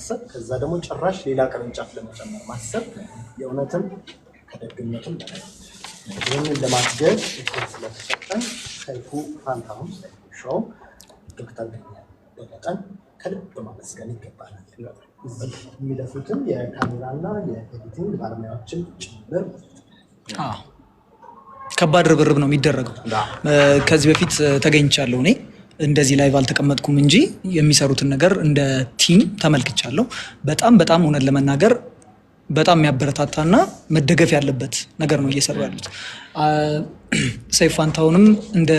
ማሰብ ከዛ ደግሞ ጭራሽ ሌላ ቅርንጫፍ ለመጨመር ማሰብ የእውነትም ከደግነትም በላይ ይህንን ለማስገድ እክል ስለተሰጠን ሰይፉ ፋንታሁን ሾው ዶክተር ገኛ በመጠን ከልብ ማመስገን ይገባናል። የሚለፉትም የሚለፉትን የካሜራና የኤዲቲንግ ባለሙያዎችን ጭምር ከባድ ርብርብ ነው የሚደረገው። ከዚህ በፊት ተገኝቻለሁ እኔ እንደዚህ ላይ ባልተቀመጥኩም እንጂ የሚሰሩትን ነገር እንደ ቲም ተመልክቻለሁ። በጣም በጣም እውነት ለመናገር በጣም የሚያበረታታና መደገፍ ያለበት ነገር ነው እየሰሩ ያሉት። ሰይፉ እንደ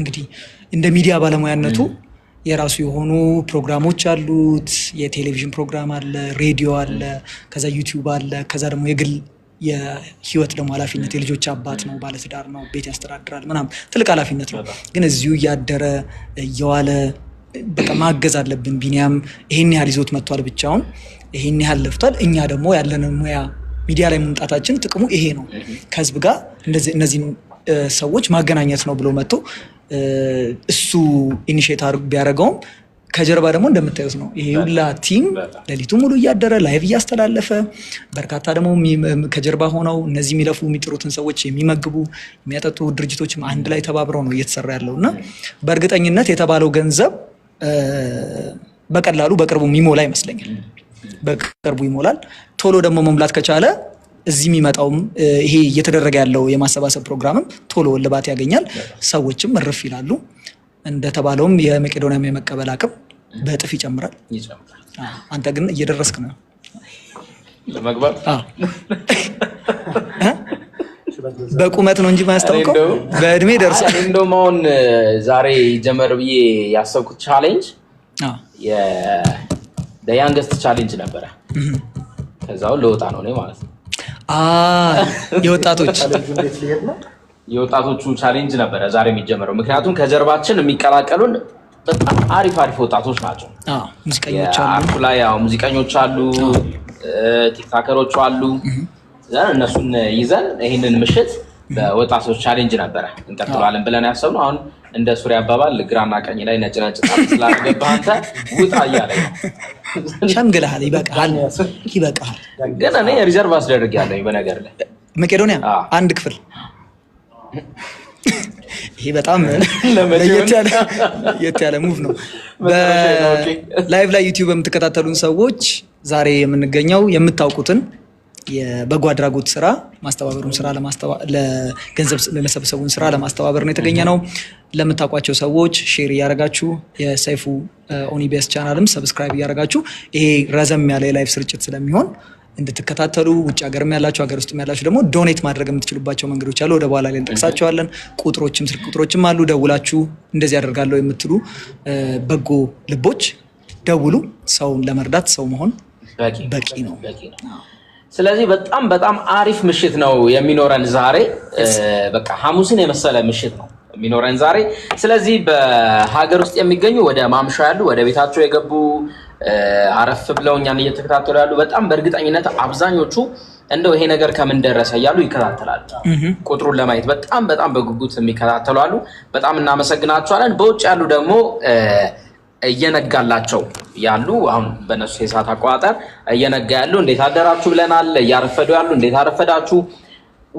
እንግዲህ እንደ ሚዲያ ባለሙያነቱ የራሱ የሆኑ ፕሮግራሞች አሉት። የቴሌቪዥን ፕሮግራም አለ፣ ሬዲዮ አለ፣ ከዛ ዩቲዩብ አለ፣ ከዛ ደግሞ የግል የህይወት ደግሞ ኃላፊነት የልጆች አባት ነው፣ ባለትዳር ነው፣ ቤት ያስተዳድራል ምናምን ትልቅ ኃላፊነት ነው። ግን እዚሁ እያደረ እየዋለ በቃ ማገዝ አለብን። ቢኒያም ይሄን ያህል ይዞት መጥቷል፣ ብቻውን ይሄን ያህል ለፍቷል። እኛ ደግሞ ያለንን ሙያ ሚዲያ ላይ መምጣታችን ጥቅሙ ይሄ ነው። ከህዝብ ጋር እነዚህን ሰዎች ማገናኘት ነው ብሎ መጥቶ እሱ ኢኒሽት ቢያደርገውም ከጀርባ ደግሞ እንደምታዩት ነው። ይሄ ሁላ ቲም ሌሊቱ ሙሉ እያደረ ላይቭ እያስተላለፈ በርካታ ደግሞ ከጀርባ ሆነው እነዚህ የሚለፉ የሚጥሩትን ሰዎች የሚመግቡ የሚያጠጡ ድርጅቶችም አንድ ላይ ተባብረው ነው እየተሰራ ያለው እና በእርግጠኝነት የተባለው ገንዘብ በቀላሉ በቅርቡ የሚሞላ ይመስለኛል። በቅርቡ ይሞላል። ቶሎ ደግሞ መሙላት ከቻለ እዚህ የሚመጣውም ይሄ እየተደረገ ያለው የማሰባሰብ ፕሮግራምም ቶሎ እልባት ያገኛል። ሰዎችም እርፍ ይላሉ። እንደተባለውም የመቄዶንያም የመቀበል አቅም በእጥፍ ይጨምራል። አንተ ግን እየደረስክ ነው ለመግባት በቁመት ነው እንጂ ማያስታውቀው በእድሜ ደርሷል። እንደውም አሁን ዛሬ ጀመር ብዬ ያሰብኩት ቻሌንጅ የያንገስት ቻሌንጅ ነበረ። ከዛው ለወጣ ነው ማለት ነው የወጣቶች የወጣቶቹ ቻሌንጅ ነበረ ዛሬ የሚጀመረው። ምክንያቱም ከጀርባችን የሚቀላቀሉን በጣም አሪፍ አሪፍ ወጣቶች ናቸው። ሙዚቀኞች ያው ሙዚቀኞች አሉ፣ ቲክታከሮች አሉ። እነሱን ይዘን ይህንን ምሽት በወጣቶች ቻሌንጅ ነበረ እንቀጥለዋለን ብለን ያሰብነው አሁን እንደ ሱሪ አባባል ግራና ቀኝ ላይ ነጭ ነጭ ስላገባ አንተ ውጣ እያለ ሸምግልሃል። ይበቃል ይበቃል። ግን እኔ ሪዘርቭ አስደርግ ያለኝ በነገር ላይ መቄዶኒያ አንድ ክፍል ይሄ በጣም ለየት ያለ ሙቭ ነው። በላይቭ ላይ ዩቲዩብ የምትከታተሉን ሰዎች ዛሬ የምንገኘው የምታውቁትን የበጎ አድራጎት ስራ ማስተባበሩን ስራ ለገንዘብ ለመሰብሰቡን ስራ ለማስተባበር ነው የተገኘ ነው። ለምታውቋቸው ሰዎች ሼር እያደረጋችሁ የሰይፉ ኦኒቤስ ቻናልም ሰብስክራይብ እያደረጋችሁ ይሄ ረዘም ያለ የላይቭ ስርጭት ስለሚሆን እንድትከታተሉ ውጭ ሀገርም ያላችሁ ሀገር ውስጥም ያላችሁ ደግሞ ዶኔት ማድረግ የምትችሉባቸው መንገዶች አሉ። ወደ በኋላ ላይ እንጠቅሳቸዋለን። ቁጥሮችም ስልክ ቁጥሮችም አሉ። ደውላችሁ እንደዚህ ያደርጋለሁ የምትሉ በጎ ልቦች ደውሉ። ሰውን ለመርዳት ሰው መሆን በቂ ነው። ስለዚህ በጣም በጣም አሪፍ ምሽት ነው የሚኖረን ዛሬ። በቃ ሐሙስን የመሰለ ምሽት ነው። የሚኖረን ዛሬ። ስለዚህ በሀገር ውስጥ የሚገኙ ወደ ማምሻ ያሉ ወደ ቤታቸው የገቡ አረፍ ብለው እኛን እየተከታተሉ ያሉ በጣም በእርግጠኝነት አብዛኞቹ እንደው ይሄ ነገር ከምን ደረሰ እያሉ ይከታተላሉ። ቁጥሩን ለማየት በጣም በጣም በጉጉት የሚከታተሉ አሉ። በጣም እናመሰግናቸዋለን። በውጭ ያሉ ደግሞ እየነጋላቸው ያሉ አሁን በነሱ የሰዓት አቆጣጠር እየነጋ ያሉ እንዴት አደራችሁ ብለናል። እያረፈዱ ያሉ እንዴት አረፈዳችሁ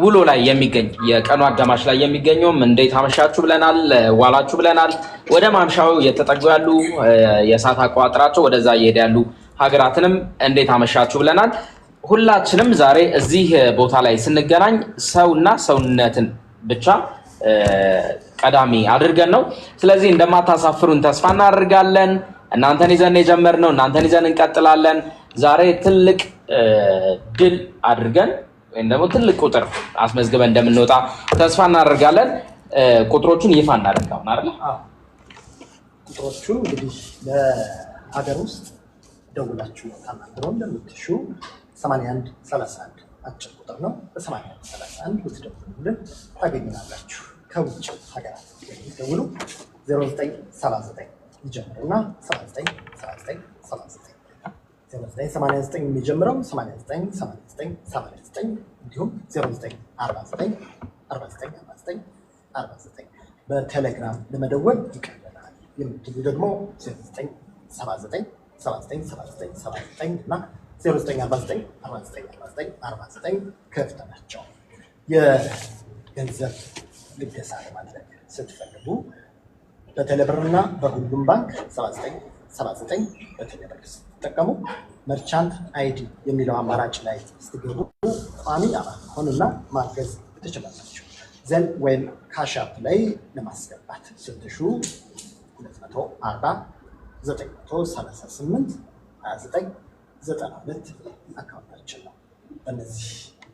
ውሎ ላይ የሚገኝ የቀኑ አጋማሽ ላይ የሚገኘውም እንዴት አመሻችሁ ብለናል፣ ዋላችሁ ብለናል። ወደ ማምሻው እየተጠጉ ያሉ የእሳት አቋጥራቸው ወደዛ እየሄዱ ያሉ ሀገራትንም እንዴት አመሻችሁ ብለናል። ሁላችንም ዛሬ እዚህ ቦታ ላይ ስንገናኝ ሰውና ሰውነትን ብቻ ቀዳሚ አድርገን ነው። ስለዚህ እንደማታሳፍሩን ተስፋ እናደርጋለን። እናንተን ይዘን የጀመርነው እናንተን ይዘን እንቀጥላለን። ዛሬ ትልቅ ድል አድርገን ወይም ደግሞ ትልቅ ቁጥር አስመዝግበን እንደምንወጣ ተስፋ እናደርጋለን። ቁጥሮቹን ይፋ እናደርጋውን አይደል? ቁጥሮቹ እንግዲህ ለሀገር ውስጥ ደውላችሁ ታናግሮ እንደምትሹ 81 31 አጭር ቁጥር ነው። በ81 31 ብትደውሉልን ታገኝናላችሁ። ከውጭ ሀገራት የሚደውሉ 0979 ይጀምርና 7979 0989 የሚጀምረው 8989 እንዲሁም 0949494949 በቴሌግራም ለመደወል ይቀለናል። የምትሉ ደግሞ 0979797979 እና 0949494949 ክፍት ናቸው። የገንዘብ ልገሳ ለማድረግ ስትፈልጉ በቴሌብርና በሁሉም ባንክ 79 79 በቴሌብር ስትጠቀሙ መርቻንት አይዲ የሚለው አማራጭ ላይ ስትገቡ ቋሚ አባል ማገዝ ትችላላችሁ። ዘን ወይም ካሻፕ ላይ ለማስገባት ስትሹ 249 2992 አካውንታችን ነው። በእነዚህ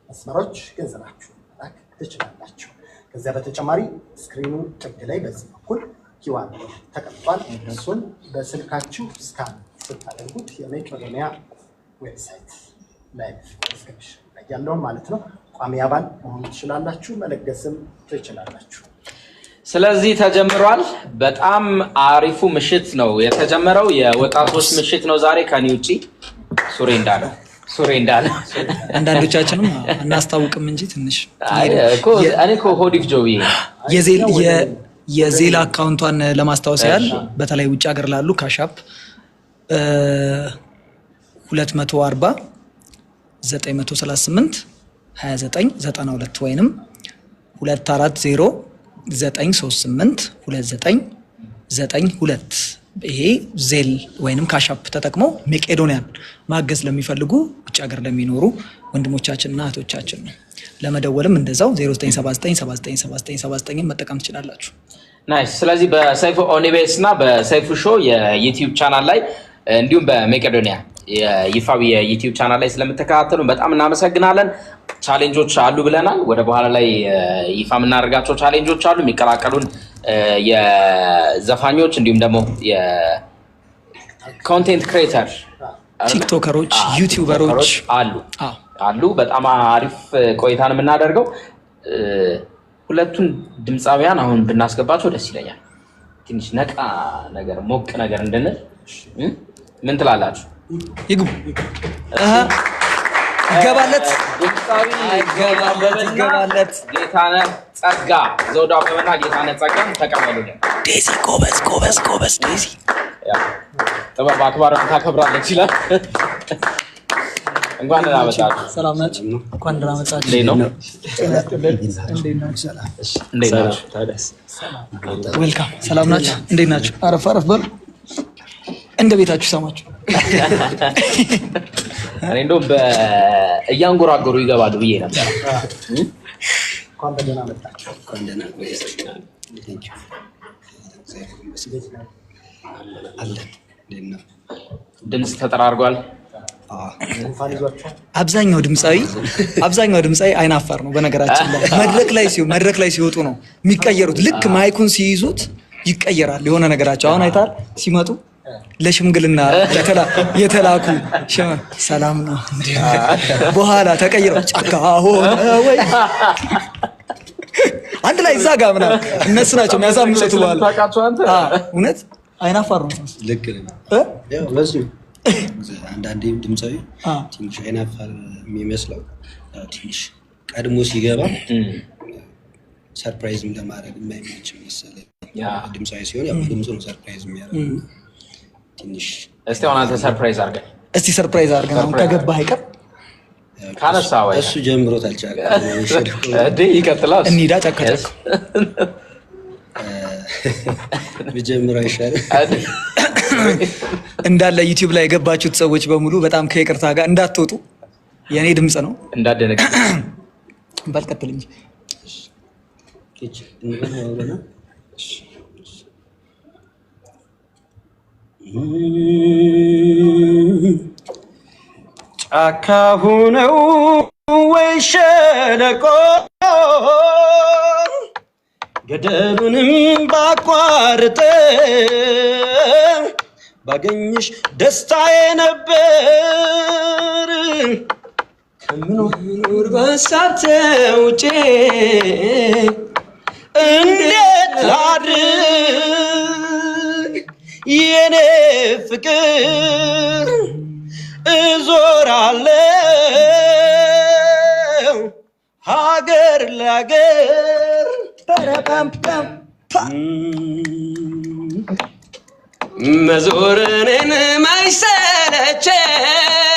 መስመሮች ገንዘባችሁ መላክ ትችላላችሁ። ከዚያ በተጨማሪ ስክሪኑ ጥግ ላይ በዚህ በኩል ኪዋን ተቀምጧል። እሱን በስልካችሁ ስካን ስታደርጉት የመቄዶንያ ዌብሳይት ላይ ያለውን ማለት ነው ቋሚ አባል መሆን ትችላላችሁ፣ መለገስም ትችላላችሁ። ስለዚህ ተጀምሯል። በጣም አሪፉ ምሽት ነው የተጀመረው። የወጣቶች ምሽት ነው ዛሬ ከኔ ውጭ ሱሬ እንዳለው ሱሬ እንዳለ አንዳንዶቻችንም እናስታውቅም እንጂ ትንሽ እኔ ሆዲፍ ጆ የዜላ አካውንቷን ለማስታወስ ያህል በተለይ ውጭ ሀገር ላሉ ካሻፕ 240 938 29 92 ወይንም 240 938 29 92 ይሄ ዜል ወይንም ካሻፕ ተጠቅሞ መቄዶንያን ማገዝ ለሚፈልጉ ውጭ ሀገር ለሚኖሩ ወንድሞቻችንና እህቶቻችን ነው። ለመደወልም እንደዛው 0979797979 መጠቀም ትችላላችሁ። ናይስ። ስለዚህ በሰይፉ ኦኒቤስ እና በሰይፉ ሾ የዩቲዩብ ቻናል ላይ እንዲሁም በመቄዶንያ ይፋዊ የዩቲዩብ ቻናል ላይ ስለምትከታተሉ በጣም እናመሰግናለን። ቻሌንጆች አሉ ብለናል። ወደ በኋላ ላይ ይፋ የምናደርጋቸው ቻሌንጆች አሉ የሚቀላቀሉን የዘፋኞች እንዲሁም ደግሞ የኮንቴንት ክሬተር ቲክቶከሮች፣ ዩቲዩበሮች አሉ አሉ። በጣም አሪፍ ቆይታን የምናደርገው ሁለቱን ድምፃውያን አሁን ብናስገባቸው ደስ ይለኛል። ትንሽ ነቃ ነገር ሞቅ ነገር እንድንል ምን ትላላችሁ? ይግቡ። ይገባለት ይገባለት ይገባለት። ጌታነህ ጸጋ ዘውዱ አበበና ጌታነህ ጸጋ ተቀበሉልን። ዴዚ ጎበዝ ጎበዝ ጎበዝ። ዴዚ ጥበብ አክባሪ ታከብራለች ይላል። እንኳን ደህና መጣችሁ። ሰላም ናችሁ? እንኳን ደህና መጣችሁ። እንዴት ነው? እንዴት ናችሁ? ዌልካም። ሰላም ናችሁ? እንዴት ናችሁ? አረፍ አረፍ በሉ። እንደ ቤታችሁ ሰማችሁ እኔ እንደውም እያንጎራጎሩ ይገባሉ ብዬ ነበር። ድምፅ ተጠራርጓል። አብዛኛው ድምፃዊ አብዛኛው ድምፃዊ አይናፋር ነው። በነገራችን ላይ መድረክ ላይ መድረክ ላይ ሲወጡ ነው የሚቀየሩት። ልክ ማይኩን ሲይዙት ይቀየራል የሆነ ነገራቸው። አሁን አይታል ሲመጡ ለሽምግልና የተላኩ ሰላም ነው። በኋላ ተቀይረው ጫካ ሆነ ወይ አንድ ላይ እዛ ጋ ምና እነሱ ናቸው የሚያሳምጹት። በኋላ እውነት አይናፋር ነው። አንዳንዴ ድምፃዊ ትንሽ አይናፋር የሚመስለው ትንሽ ቀድሞ ሲገባ ሰርፕራይዝም ለማድረግ የማይመች መሰለኝ። ድምፃዊ ሲሆን ድምፁ ነው ሰርፕራይዝ የሚያደርግ እስቲ አሁን አንተ ሰርፕራይዝ አድርገን እስቲ ሰርፕራይዝ አድርገን አሁን ከገባህ አይቀር ካነሳ ወይ እሱ ጀምሮት አልቻለ ይቀጥላል። እንሂዳ ጫካ ጫካ ብጀምረው ይሻላል። እንዳለ ዩቲዩብ ላይ የገባችሁት ሰዎች በሙሉ በጣም ከይቅርታ ጋር እንዳትወጡ የእኔ ድምፅ ነው እንዳደነግ ባልቀጥል እንጂ ጫካ ሁነው ወይ ሸለቆ ገደሉንም ባቋርጠ ባገኝሽ ደስታዬ ነበር። ከምኖር በሳት ውጭ እንዴት ላድር የኔ ፍቅር እዞራለው ሀገር ለሀገር መዞርን ማይሰለቸኝ